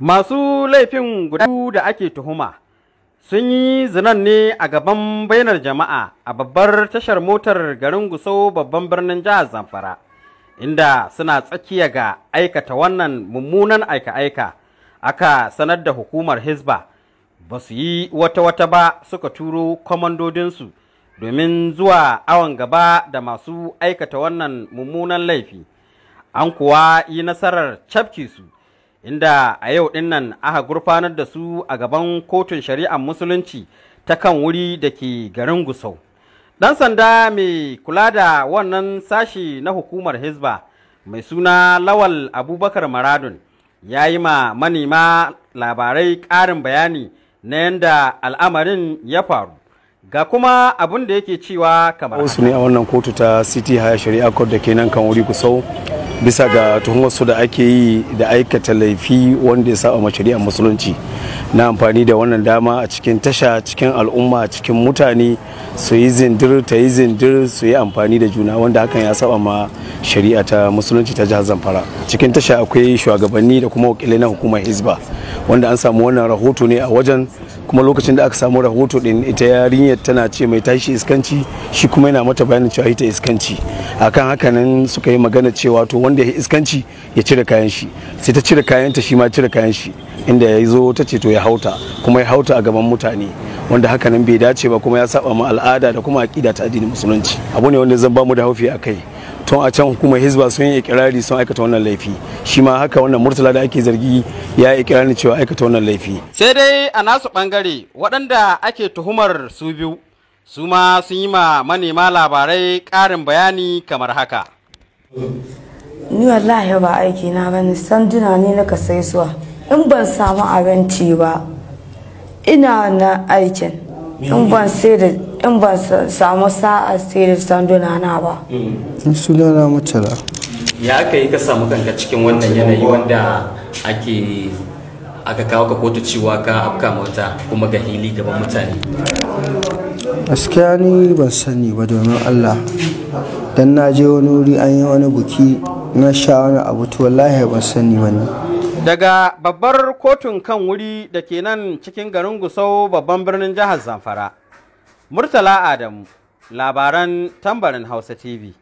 Masu laifin guda da ake tuhuma sun yi zinan ne a gaban bainar jama'a a babbar tashar motar garin Gusau babban birnin jihar Zamfara, inda suna tsakiya ga aikata wannan mummunan aika-aika aka sanar da hukumar Hisba, ba su yi wata-wata ba suka turo kwamandodinsu domin zuwa awon gaba da masu aikata wannan mummunan laifi, an kuwa yi nasarar cafke su. inda a yau dinnan nan aka gurfanar da su a gaban kotun shari'ar musulunci ta kan wuri da ke garin Gusau. Ɗan sanda mai kula da wannan sashi na hukumar Hizba mai suna Lawal Abubakar Maradun ya yi ma manema labarai ƙarin bayani na yadda al'amarin ya faru. ga kuma abin da yake cewa kamar wasu ne a wannan kotu ta city haya shari'a court da ke nan kan wuri kusau bisa ga tuhumarsu da ake yi da aikata laifi wanda ya saba shari'ar musulunci na amfani da wannan dama a cikin tasha cikin al'umma cikin mutane su yi zindir ta yi zindir su yi amfani da juna wanda hakan ya saba ma shari'a ta musulunci ta jihar zamfara cikin tasha akwai shugabanni da kuma wakilai na hukumar hizba wanda an samu wannan rahoto ne a wajen kuma lokacin da aka samu rahoto din ita yarinyar tana ce mai tashi iskanci shi kuma yana mata bayanin cewa ita iskanci akan haka nan suka yi magana cewa to wanda ya iskanci ya cire kayan shi sai ta cire kayan ta shi ma cire kayan shi inda ya zo ta ce to ya hauta kuma ya hauta a gaban mutane wanda haka nan bai dace ba kuma ya saba mu al'ada da kuma aqida ta addinin musulunci abu ne wanda zan ba mu da haufi a kai tun a can hukumar hizba sun yi ikirari sun aikata wannan laifi shi ma haka wannan murtala da ake zargi ya ikirarin cewa aikata wannan laifi sai dai a nasu bangare kare waɗanda ake tuhumar su biyu su ma sun yi ma manema labarai ƙarin bayani kamar haka. Ni wallahi ba aiki na bane sanduna ne na ka sai suwa in ban samu abinci ba ina na aikin in ban sai da in ban samu sa'a sai da sanduna na ba. Mm. Sunana mace ya aka yi ka samu kanka cikin wannan yanayi wanda ake aka kawo ka kotu cewa ka afka mota kuma ga hili gaban mutane gaskiya ni ban sani ba domin allah dan na je wani wuri an yi wani buki na sha wani abu to wallahi ban sani ba ne daga babbar kotun kan wuri da ke nan cikin garin gusau babban birnin jihar zamfara murtala adamu labaran tambarin hausa tv